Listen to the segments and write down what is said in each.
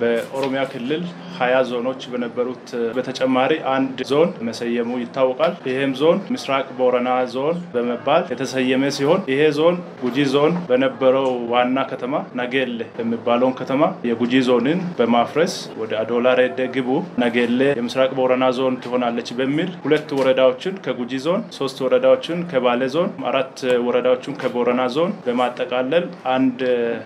በኦሮሚያ ክልል ሀያ ዞኖች በነበሩት በተጨማሪ አንድ ዞን መሰየሙ ይታወቃል። ይህም ዞን ምስራቅ ቦረና ዞን በመባል የተሰየመ ሲሆን ይሄ ዞን ጉጂ ዞን በነበረው ዋና ከተማ ናጌሌ የሚባለውን ከተማ የጉጂ ዞንን በማፍረስ ወደ አዶላ ደግቡ ግቡ የምስራቅ ቦረና ዞን ትሆናለች በሚል ሁለት ወረዳዎችን ከጉጂ ዞን፣ ሶስት ወረዳዎችን ከባሌ ዞን፣ አራት ወረዳዎችን ከቦረና ዞን በማጠቃለል አንድ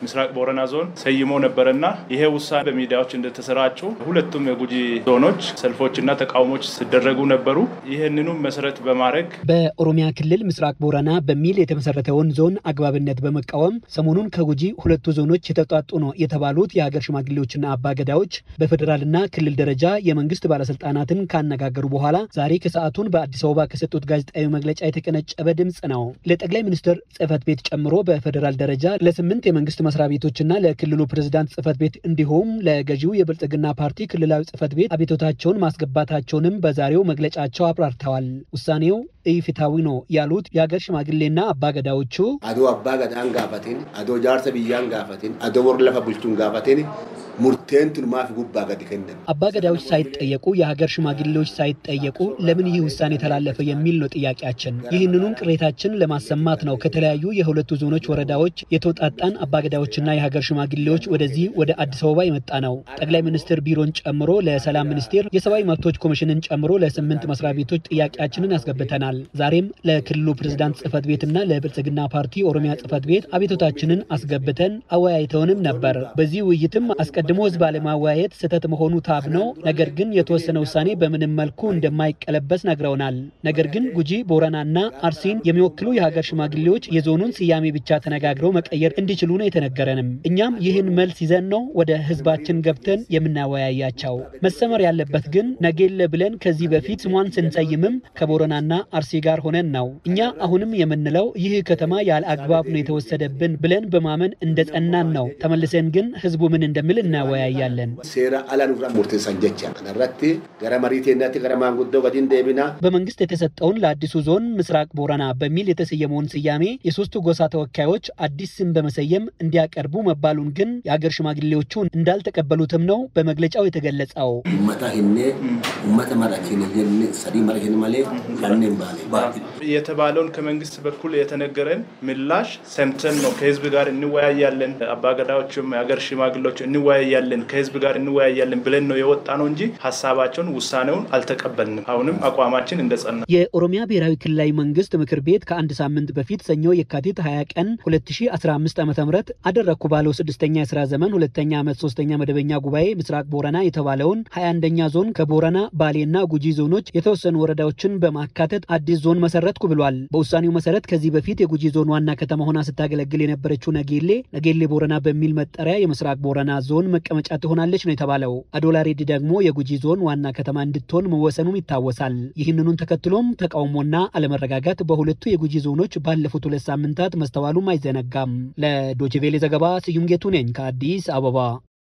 ምስራቅ ቦረና ዞን ሰይሞ ነበረና ይሄ ውሳኔ በሚዲያዎች እንደተሰራጩ በሁለቱም የጉጂ ዞኖች ሰልፎችና ተቃውሞች ሲደረጉ ነበሩ። ይህንኑም መሰረት በማድረግ በኦሮሚያ ክልል ምስራቅ ቦረና በሚል የተመሰረተውን ዞን አግባብነት በመቃወም ሰሞኑን ከጉጂ ሁለቱ ዞኖች የተውጣጡ ነው የተባሉት የሀገር ሽማግሌዎችና አባገዳዎች በፌዴራልና ክልል ደረጃ የመንግስት ባለስልጣናትን ካነጋገሩ በኋላ ዛሬ ከሰዓቱን በአዲስ አበባ ከሰጡት ጋዜጣዊ መግለጫ የተቀነጨበ ድምፅ ነው። ለጠቅላይ ሚኒስትር ጽህፈት ቤት ጨምሮ በፌዴራል ደረጃ ለስምንት የመንግስት መስሪያ ቤቶችና ለክልሉ ፕሬዚዳንት ጽህፈት ቤት እንዲሁም ለገዢው የብልጽግና ፓርቲ ክልላዊ ጽህፈት ቤት አቤቶታቸውን ማስገባታቸውንም በዛሬው መግለጫቸው አብራርተዋል። ውሳኔው ኢፍትሐዊ ነው ያሉት የሀገር ሽማግሌና አባገዳዎቹ አዶ አባገዳን ጋፈቴን አዶ ጃርሰ ብያን ጋፈቴን አዶ ወርለፈ ቡልቱን ጋፈቴን ሙርቴንቱን ማፍ ጉባ ገድ አባገዳዎች ሳይጠየቁ የሀገር ሽማግሌዎች ሳይጠየቁ ለምን ይህ ውሳኔ ተላለፈ የሚል ነው ጥያቄያችን። ይህንኑን ቅሬታችን ለማሰማት ነው ከተለያዩ የሁለቱ ዞኖች ወረዳዎች የተውጣጣን አባገዳዎችና የሀገር ሽማግሌዎች ወደዚህ ወደ አዲስ አበባ የመጣ ነው። ጠቅላይ ሚኒስትር ቢሮን ጨምሮ ለሰላም ሚኒስቴር የሰብአዊ መብቶች ኮሚሽንን ጨምሮ ለስምንት መስሪያ ቤቶች ጥያቄያችንን አስገብተናል። ዛሬም ለክልሉ ፕሬዝዳንት ጽህፈት ቤትና ለብልጽግና ፓርቲ ኦሮሚያ ጽህፈት ቤት አቤቶታችንን አስገብተን አወያይተውንም ነበር። በዚህ ውይይትም አስቀድሞ ህዝብ አለማወያየት ስህተት መሆኑ ታብ ነው። ነገር ግን የተወሰነ ውሳኔ በምንም መልኩ እንደማይቀለበስ ነግረውናል። ነገር ግን ጉጂ ቦረናና አርሲን የሚወክሉ የሀገር ሽማግሌዎች የዞኑን ስያሜ ብቻ ተነጋግረው መቀየር እንዲችሉ ነው የተነገረንም። እኛም ይህን መልስ ይዘን ነው ወደ ህዝባችን ገብተን የምናወያያቸው። ናቸው። መሰመር ያለበት ግን ነጌለ ብለን ከዚህ በፊት ስሟን ስንሰይምም ከቦረናና አርሲ ጋር ሆነን ነው። እኛ አሁንም የምንለው ይህ ከተማ ያለ አግባብ ነው የተወሰደብን ብለን በማመን እንደጸናን ነው። ተመልሰን ግን ህዝቡ ምን እንደሚል እናወያያለን። በመንግስት የተሰጠውን ለአዲሱ ዞን ምስራቅ ቦረና በሚል የተሰየመውን ስያሜ የሶስቱ ጎሳ ተወካዮች አዲስ ስም በመሰየም እንዲያቀርቡ መባሉን ግን የአገር ሽማግሌዎቹ እንዳልተቀበሉትም ነው በመግለጫው የተ የተገለጸው። የተባለውን ከመንግስት በኩል የተነገረን ምላሽ ሰምተን ነው ከህዝብ ጋር እንወያያለን፣ አባገዳዎችም የሀገር ሽማግሌዎች እንወያያለን፣ ከህዝብ ጋር እንወያያለን ብለን ነው የወጣ ነው እንጂ ሀሳባቸውን፣ ውሳኔውን አልተቀበልንም። አሁንም አቋማችን እንደጸና። የኦሮሚያ ብሔራዊ ክልላዊ መንግስት ምክር ቤት ከአንድ ሳምንት በፊት ሰኞ የካቲት 20 ቀን 2015 ዓ ም አደረግኩ ባለው ስድስተኛ የስራ ዘመን ሁለተኛ ዓመት ሶስተኛ መደበኛ ጉባኤ ምስራቅ ቦረና የተባለውን 21ኛ ዞን ከቦረና ባሌና ጉጂ ዞኖች የተወሰኑ ወረዳዎችን በማካተት አዲስ ዞን መሰረትኩ ብሏል። በውሳኔው መሰረት ከዚህ በፊት የጉጂ ዞን ዋና ከተማ ሆና ስታገለግል የነበረችው ነጌሌ ነጌሌ ቦረና በሚል መጠሪያ የምስራቅ ቦረና ዞን መቀመጫ ትሆናለች ነው የተባለው። አዶላሬድ ደግሞ የጉጂ ዞን ዋና ከተማ እንድትሆን መወሰኑም ይታወሳል። ይህንኑን ተከትሎም ተቃውሞና አለመረጋጋት በሁለቱ የጉጂ ዞኖች ባለፉት ሁለት ሳምንታት መስተዋሉም አይዘነጋም። ለዶችቬሌ ዘገባ ስዩም ጌቱ ነኝ ከአዲስ አበባ።